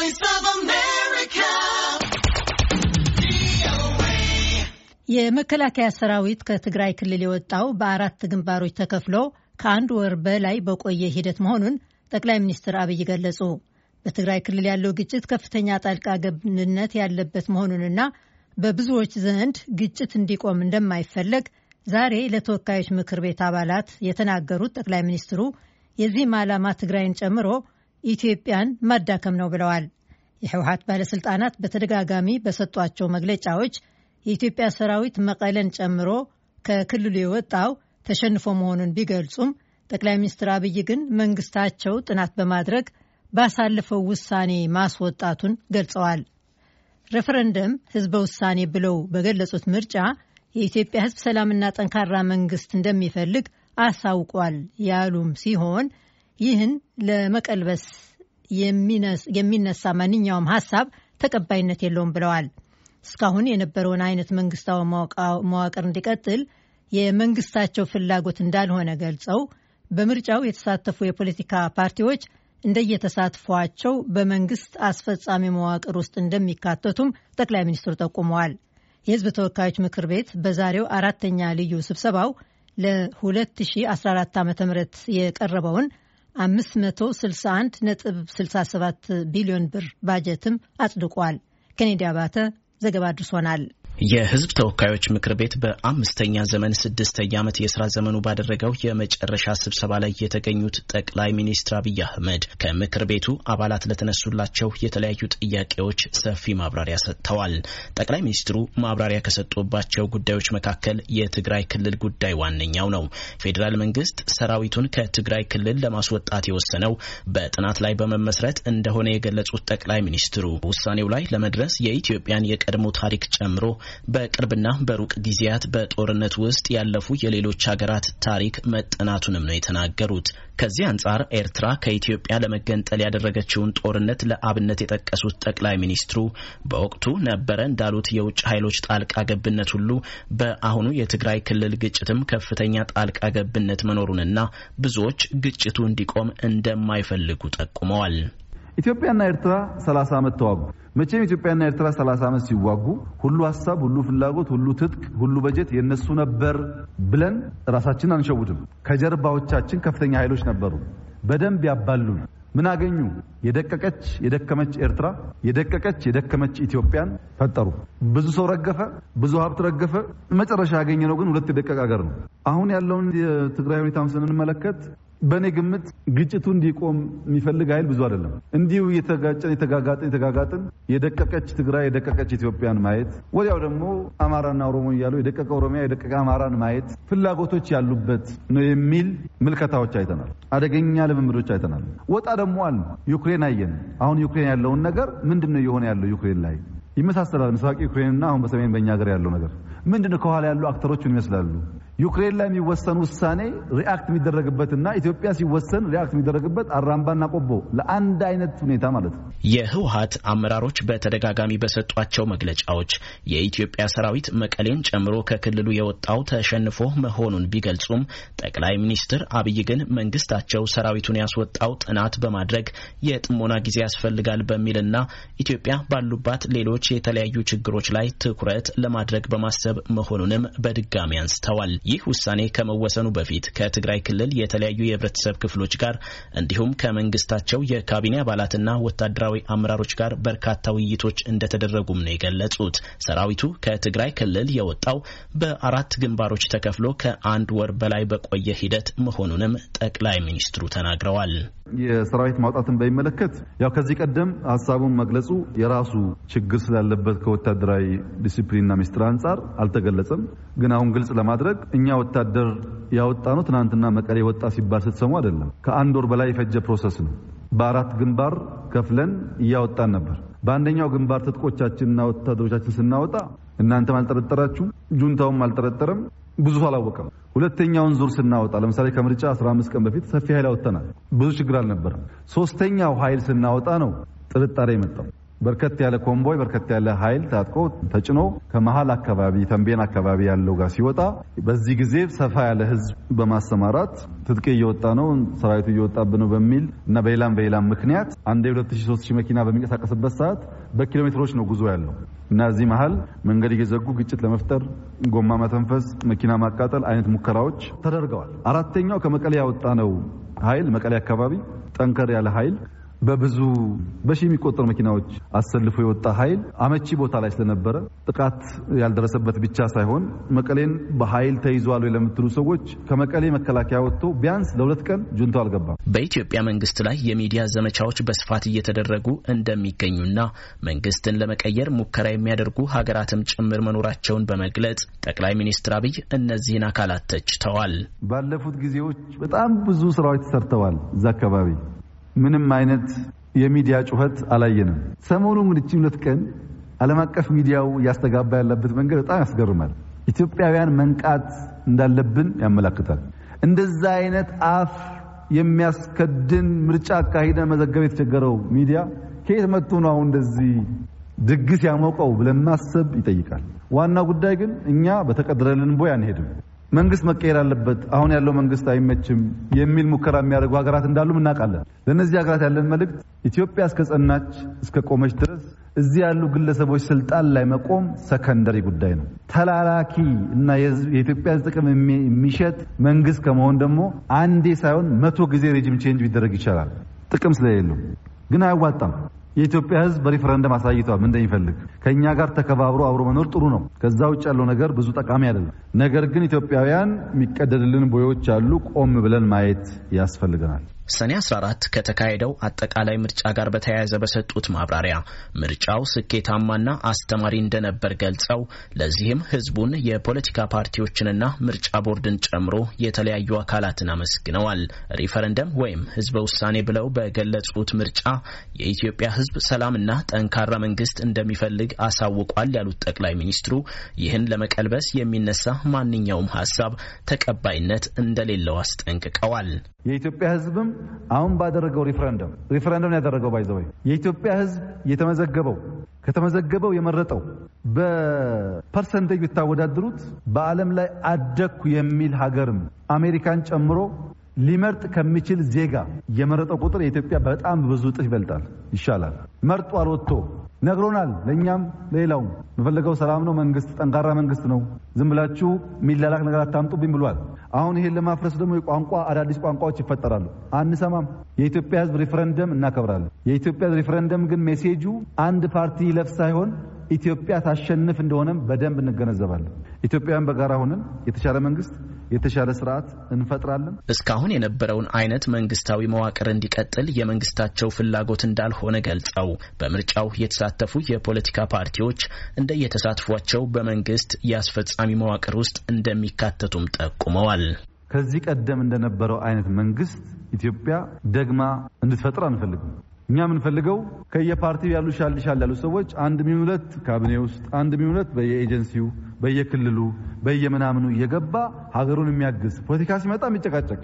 voice of America. የመከላከያ ሰራዊት ከትግራይ ክልል የወጣው በአራት ግንባሮች ተከፍሎ ከአንድ ወር በላይ በቆየ ሂደት መሆኑን ጠቅላይ ሚኒስትር አብይ ገለጹ። በትግራይ ክልል ያለው ግጭት ከፍተኛ ጣልቃ ገብነት ያለበት መሆኑንና በብዙዎች ዘንድ ግጭት እንዲቆም እንደማይፈለግ ዛሬ ለተወካዮች ምክር ቤት አባላት የተናገሩት ጠቅላይ ሚኒስትሩ የዚህም ዓላማ ትግራይን ጨምሮ ኢትዮጵያን ማዳከም ነው ብለዋል። የህወሀት ባለሥልጣናት በተደጋጋሚ በሰጧቸው መግለጫዎች የኢትዮጵያ ሰራዊት መቀለን ጨምሮ ከክልሉ የወጣው ተሸንፎ መሆኑን ቢገልጹም ጠቅላይ ሚኒስትር አብይ ግን መንግስታቸው ጥናት በማድረግ ባሳለፈው ውሳኔ ማስወጣቱን ገልጸዋል። ሬፈረንደም ህዝበ ውሳኔ ብለው በገለጹት ምርጫ የኢትዮጵያ ህዝብ ሰላምና ጠንካራ መንግስት እንደሚፈልግ አሳውቋል ያሉም ሲሆን ይህን ለመቀልበስ የሚነሳ ማንኛውም ሀሳብ ተቀባይነት የለውም ብለዋል። እስካሁን የነበረውን አይነት መንግስታዊ መዋቅር እንዲቀጥል የመንግስታቸው ፍላጎት እንዳልሆነ ገልጸው በምርጫው የተሳተፉ የፖለቲካ ፓርቲዎች እንደየተሳትፏቸው በመንግስት አስፈጻሚ መዋቅር ውስጥ እንደሚካተቱም ጠቅላይ ሚኒስትሩ ጠቁመዋል። የህዝብ ተወካዮች ምክር ቤት በዛሬው አራተኛ ልዩ ስብሰባው ለ2014 ዓ ም የቀረበውን 561.67 ቢሊዮን ብር ባጀትም አጽድቋል። ኬኔዲ አባተ ዘገባ አድርሶናል። የህዝብ ተወካዮች ምክር ቤት በአምስተኛ ዘመን ስድስተኛ ዓመት የስራ ዘመኑ ባደረገው የመጨረሻ ስብሰባ ላይ የተገኙት ጠቅላይ ሚኒስትር አብይ አህመድ ከምክር ቤቱ አባላት ለተነሱላቸው የተለያዩ ጥያቄዎች ሰፊ ማብራሪያ ሰጥተዋል። ጠቅላይ ሚኒስትሩ ማብራሪያ ከሰጡባቸው ጉዳዮች መካከል የትግራይ ክልል ጉዳይ ዋነኛው ነው። ፌዴራል መንግስት ሰራዊቱን ከትግራይ ክልል ለማስወጣት የወሰነው በጥናት ላይ በመመስረት እንደሆነ የገለጹት ጠቅላይ ሚኒስትሩ ውሳኔው ላይ ለመድረስ የኢትዮጵያን የቀድሞ ታሪክ ጨምሮ በቅርብና በሩቅ ጊዜያት በጦርነት ውስጥ ያለፉ የሌሎች ሀገራት ታሪክ መጠናቱንም ነው የተናገሩት። ከዚህ አንጻር ኤርትራ ከኢትዮጵያ ለመገንጠል ያደረገችውን ጦርነት ለአብነት የጠቀሱት ጠቅላይ ሚኒስትሩ በወቅቱ ነበረ እንዳሉት የውጭ ኃይሎች ጣልቃ ገብነት ሁሉ በአሁኑ የትግራይ ክልል ግጭትም ከፍተኛ ጣልቃ ገብነት መኖሩንና ብዙዎች ግጭቱ እንዲቆም እንደማይፈልጉ ጠቁመዋል። ኢትዮጵያና ኤርትራ 30 ዓመት ተዋጉ። መቼም ኢትዮጵያና ኤርትራ 30 ዓመት ሲዋጉ ሁሉ ሀሳብ፣ ሁሉ ፍላጎት፣ ሁሉ ትጥቅ፣ ሁሉ በጀት የነሱ ነበር ብለን ራሳችን አንሸውድም። ከጀርባዎቻችን ከፍተኛ ኃይሎች ነበሩ። በደንብ ያባሉን። ምን አገኙ? የደቀቀች የደከመች ኤርትራ፣ የደቀቀች የደከመች ኢትዮጵያን ፈጠሩ። ብዙ ሰው ረገፈ፣ ብዙ ሀብት ረገፈ። መጨረሻ ያገኘነው ግን ሁለት የደቀቀ ሀገር ነው። አሁን ያለውን የትግራይ ሁኔታም ስንመለከት በእኔ ግምት ግጭቱ እንዲቆም የሚፈልግ ኃይል ብዙ አይደለም። እንዲሁ የተጋጨን የተጋጋጥን የተጋጋጥን የደቀቀች ትግራይ የደቀቀች ኢትዮጵያን ማየት ወዲያው ደግሞ አማራና ኦሮሞ እያሉ የደቀቀ ኦሮሚያ የደቀቀ አማራን ማየት ፍላጎቶች ያሉበት ነው የሚል ምልከታዎች አይተናል። አደገኛ ልምምዶች አይተናል። ወጣ ደግሞ አል ዩክሬን አየን። አሁን ዩክሬን ያለውን ነገር ምንድን ነው የሆነ ያለው ዩክሬን ላይ ይመሳሰላል። ምስራቅ ዩክሬንና አሁን በሰሜን በእኛ ሀገር ያለው ነገር ምንድን ነው? ከኋላ ያሉ አክተሮች ምን ይመስላሉ? ዩክሬን ላይ የሚወሰን ውሳኔ ሪአክት የሚደረግበትና ኢትዮጵያ ሲወሰን ሪአክት የሚደረግበት አራምባና ቆቦ ለአንድ አይነት ሁኔታ ማለት ነው። የህወሀት አመራሮች በተደጋጋሚ በሰጧቸው መግለጫዎች የኢትዮጵያ ሰራዊት መቀሌን ጨምሮ ከክልሉ የወጣው ተሸንፎ መሆኑን ቢገልጹም ጠቅላይ ሚኒስትር አብይ ግን መንግስታቸው ሰራዊቱን ያስወጣው ጥናት በማድረግ የጥሞና ጊዜ ያስፈልጋል በሚልና ኢትዮጵያ ባሉባት ሌሎች የተለያዩ ችግሮች ላይ ትኩረት ለማድረግ በማሰብ መሆኑንም በድጋሚ አንስተዋል። ይህ ውሳኔ ከመወሰኑ በፊት ከትግራይ ክልል የተለያዩ የህብረተሰብ ክፍሎች ጋር እንዲሁም ከመንግስታቸው የካቢኔ አባላትና ወታደራዊ አመራሮች ጋር በርካታ ውይይቶች እንደተደረጉም ነው የገለጹት። ሰራዊቱ ከትግራይ ክልል የወጣው በአራት ግንባሮች ተከፍሎ ከአንድ ወር በላይ በቆየ ሂደት መሆኑንም ጠቅላይ ሚኒስትሩ ተናግረዋል። የሰራዊት ማውጣትን በሚመለከት ያው ከዚህ ቀደም ሀሳቡን መግለጹ የራሱ ችግር ስላለበት ከወታደራዊ ዲሲፕሊንና ሚስጥር አንጻር አልተገለጸም። ግን አሁን ግልጽ ለማድረግ እኛ ወታደር ያወጣ ነው ትናንትና መቀሌ ወጣ ሲባል ስትሰሙ አይደለም። ከአንድ ወር በላይ የፈጀ ፕሮሰስ ነው። በአራት ግንባር ከፍለን እያወጣን ነበር። በአንደኛው ግንባር ትጥቆቻችንና ወታደሮቻችን ስናወጣ እናንተም አልጠረጠራችሁ ጁንታውም አልጠረጠረም፣ ብዙ አላወቀም። ሁለተኛውን ዙር ስናወጣ ለምሳሌ ከምርጫ 15 ቀን በፊት ሰፊ ኃይል አወጥተናል። ብዙ ችግር አልነበረም። ሶስተኛው ኃይል ስናወጣ ነው ጥርጣሬ የመጣው። በርከት ያለ ኮምቦይ በርከት ያለ ኃይል ታጥቆ ተጭኖ ከመሀል አካባቢ ተንቤን አካባቢ ያለው ጋር ሲወጣ በዚህ ጊዜ ሰፋ ያለ ህዝብ በማሰማራት ትጥቅ እየወጣ ነው፣ ሰራዊቱ እየወጣብን ነው በሚል እና በሌላም በሌላም ምክንያት አንድ የሁለት ሺህ ሦስት ሺህ መኪና በሚንቀሳቀስበት ሰዓት በኪሎ ሜትሮች ነው ጉዞ ያለው እና እዚህ መሀል መንገድ እየዘጉ ግጭት ለመፍጠር ጎማ መተንፈስ፣ መኪና ማቃጠል አይነት ሙከራዎች ተደርገዋል። አራተኛው ከመቀሌ ያወጣ ነው ኃይል መቀሌ አካባቢ ጠንከር ያለ ኃይል በብዙ በሺ የሚቆጠሩ መኪናዎች አሰልፎ የወጣ ኃይል አመቺ ቦታ ላይ ስለነበረ ጥቃት ያልደረሰበት ብቻ ሳይሆን መቀሌን በኃይል ተይዟል ለምትሉ ሰዎች ከመቀሌ መከላከያ ወጥቶ ቢያንስ ለሁለት ቀን ጁንቶ አልገባም። በኢትዮጵያ መንግስት ላይ የሚዲያ ዘመቻዎች በስፋት እየተደረጉ እንደሚገኙና መንግስትን ለመቀየር ሙከራ የሚያደርጉ ሀገራትም ጭምር መኖራቸውን በመግለጽ ጠቅላይ ሚኒስትር አብይ እነዚህን አካላት ተችተዋል። ባለፉት ጊዜዎች በጣም ብዙ ስራዎች ተሰርተዋል እዛ አካባቢ ምንም አይነት የሚዲያ ጩኸት አላየንም። ሰሞኑ ግን ሁለት ቀን ዓለም አቀፍ ሚዲያው እያስተጋባ ያለበት መንገድ በጣም ያስገርማል። ኢትዮጵያውያን መንቃት እንዳለብን ያመላክታል። እንደዛ አይነት አፍ የሚያስከድን ምርጫ አካሂደን መዘገብ የተቸገረው ሚዲያ ከየት መጥቶ ነው አሁን እንደዚህ ድግስ ያሞቀው ብለን ማሰብ ይጠይቃል። ዋና ጉዳይ ግን እኛ በተቀደረልን ቦይ አንሄድም። መንግስት መቀየር አለበት፣ አሁን ያለው መንግስት አይመችም የሚል ሙከራ የሚያደርጉ ሀገራት እንዳሉም እናውቃለን። ለእነዚህ ሀገራት ያለን መልእክት ኢትዮጵያ እስከ ጸናች እስከ ቆመች ድረስ እዚህ ያሉ ግለሰቦች ስልጣን ላይ መቆም ሰከንደሪ ጉዳይ ነው። ተላላኪ እና የኢትዮጵያን ጥቅም የሚሸጥ መንግስት ከመሆን ደግሞ አንዴ ሳይሆን መቶ ጊዜ ሬጅም ቼንጅ ቢደረግ ይቻላል። ጥቅም ስለሌለው ግን አያዋጣም። የኢትዮጵያ ሕዝብ በሪፈረንደም አሳይቷል እንደሚፈልግ። ከእኛ ጋር ተከባብሮ አብሮ መኖር ጥሩ ነው። ከዛ ውጭ ያለው ነገር ብዙ ጠቃሚ አይደለም። ነገር ግን ኢትዮጵያውያን የሚቀደድልን ቦዮች አሉ። ቆም ብለን ማየት ያስፈልገናል። ሰኔ 14 ከተካሄደው አጠቃላይ ምርጫ ጋር በተያያዘ በሰጡት ማብራሪያ ምርጫው ስኬታማና አስተማሪ እንደነበር ገልጸው ለዚህም ህዝቡን የፖለቲካ ፓርቲዎችንና ምርጫ ቦርድን ጨምሮ የተለያዩ አካላትን አመስግነዋል። ሪፈረንደም ወይም ህዝበ ውሳኔ ብለው በገለጹት ምርጫ የኢትዮጵያ ህዝብ ሰላምና ጠንካራ መንግስት እንደሚፈልግ አሳውቋል ያሉት ጠቅላይ ሚኒስትሩ ይህን ለመቀልበስ የሚነሳ ማንኛውም ሀሳብ ተቀባይነት እንደሌለው አስጠንቅቀዋል። የኢትዮጵያ ህዝብም አሁን ባደረገው ሪፍረንደም ሪፍረንደም ያደረገው ባይዘወይ የኢትዮጵያ ህዝብ የተመዘገበው ከተመዘገበው የመረጠው በፐርሰንቴጅ ብታወዳድሩት በዓለም ላይ አደግኩ የሚል ሀገርም አሜሪካን ጨምሮ ሊመርጥ ከሚችል ዜጋ የመረጠው ቁጥር የኢትዮጵያ በጣም ብዙ እጥፍ ይበልጣል፣ ይሻላል። መርጦ አልወጥቶ ነግሮናል። ለእኛም ለሌላውም የፈለገው ሰላም ነው፣ መንግስት ጠንካራ መንግስት ነው፣ ዝም ብላችሁ የሚላላክ ነገር አታምጡብኝ ብሏል። አሁን ይሄን ለማፍረስ ደግሞ የቋንቋ አዳዲስ ቋንቋዎች ይፈጠራሉ። አንሰማም። የኢትዮጵያ ሕዝብ ሪፍረንደም እናከብራለን። የኢትዮጵያ ሕዝብ ሪፈረንደም ግን ሜሴጁ አንድ ፓርቲ ይለፍ ሳይሆን ኢትዮጵያ ታሸንፍ እንደሆነም በደንብ እንገነዘባለን። ኢትዮጵያውያን በጋራ ሆነን የተሻለ መንግስት የተሻለ ስርዓት እንፈጥራለን። እስካሁን የነበረውን አይነት መንግስታዊ መዋቅር እንዲቀጥል የመንግስታቸው ፍላጎት እንዳልሆነ ገልጸው በምርጫው የተሳተፉ የፖለቲካ ፓርቲዎች እንደየተሳትፏቸው በመንግስት የአስፈጻሚ መዋቅር ውስጥ እንደሚካተቱም ጠቁመዋል። ከዚህ ቀደም እንደነበረው አይነት መንግስት ኢትዮጵያ ደግማ እንድትፈጥር አንፈልግም። እኛ የምንፈልገው ከየፓርቲው ያሉ ሻል ሻል ያሉ ሰዎች አንድ ሚሆን ሁለት ካቢኔ ውስጥ አንድ ሚሆን ሁለት በየኤጀንሲው በየክልሉ በየምናምኑ እየገባ ሀገሩን የሚያግዝ ፖለቲካ ሲመጣ የሚጨቃጨቅ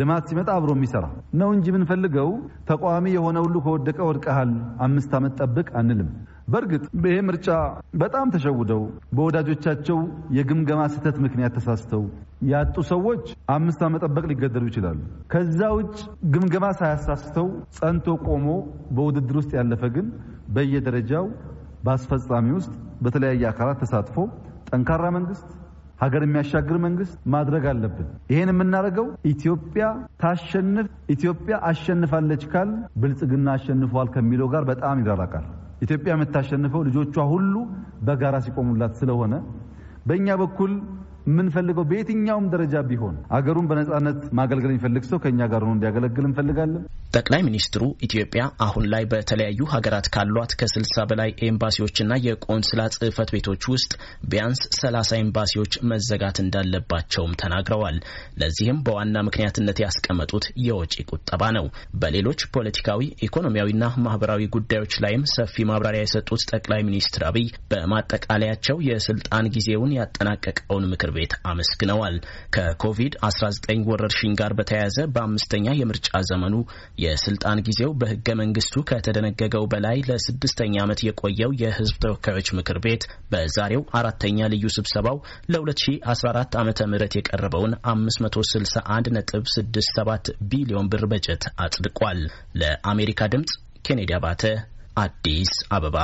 ልማት ሲመጣ አብሮ የሚሰራ ነው እንጂ የምንፈልገው ተቃዋሚ የሆነ ሁሉ ከወደቀ ወድቀሃል አምስት ዓመት ጠብቅ አንልም። በእርግጥ ይሄ ምርጫ በጣም ተሸውደው በወዳጆቻቸው የግምገማ ስህተት ምክንያት ተሳስተው ያጡ ሰዎች አምስት ዓመት መጠበቅ ሊገደሉ ይችላሉ። ከዛ ውጭ ግምገማ ሳያሳስተው ጸንቶ ቆሞ በውድድር ውስጥ ያለፈ ግን በየደረጃው በአስፈጻሚ ውስጥ በተለያየ አካላት ተሳትፎ ጠንካራ መንግስት ሀገር የሚያሻግር መንግስት ማድረግ አለብን። ይህን የምናደርገው ኢትዮጵያ ታሸንፍ፣ ኢትዮጵያ አሸንፋለች ካል ብልጽግና አሸንፏል ከሚለው ጋር በጣም ይራራቃል። ኢትዮጵያ የምታሸንፈው ልጆቿ ሁሉ በጋራ ሲቆሙላት ስለሆነ በእኛ በኩል የምንፈልገው በየትኛውም ደረጃ ቢሆን አገሩን በነጻነት ማገልገል የሚፈልግ ሰው ከእኛ ጋር ሆኖ እንዲያገለግል እንፈልጋለን። ጠቅላይ ሚኒስትሩ ኢትዮጵያ አሁን ላይ በተለያዩ ሀገራት ካሏት ከስልሳ በላይ ኤምባሲዎችና የቆንስላ ጽህፈት ቤቶች ውስጥ ቢያንስ ሰላሳ ኤምባሲዎች መዘጋት እንዳለባቸውም ተናግረዋል። ለዚህም በዋና ምክንያትነት ያስቀመጡት የወጪ ቁጠባ ነው። በሌሎች ፖለቲካዊ ኢኮኖሚያዊና ማህበራዊ ጉዳዮች ላይም ሰፊ ማብራሪያ የሰጡት ጠቅላይ ሚኒስትር አብይ በማጠቃለያቸው የስልጣን ጊዜውን ያጠናቀቀውን ምክር ቤት አመስግነዋል። ከኮቪድ-19 ወረርሽኝ ጋር በተያያዘ በአምስተኛ የምርጫ ዘመኑ የስልጣን ጊዜው በህገ መንግስቱ ከተደነገገው በላይ ለስድስተኛ ዓመት የቆየው የህዝብ ተወካዮች ምክር ቤት በዛሬው አራተኛ ልዩ ስብሰባው ለ2014 ዓ ም የቀረበውን 561.67 ቢሊዮን ብር በጀት አጽድቋል። ለአሜሪካ ድምፅ ኬኔዲ አባተ አዲስ አበባ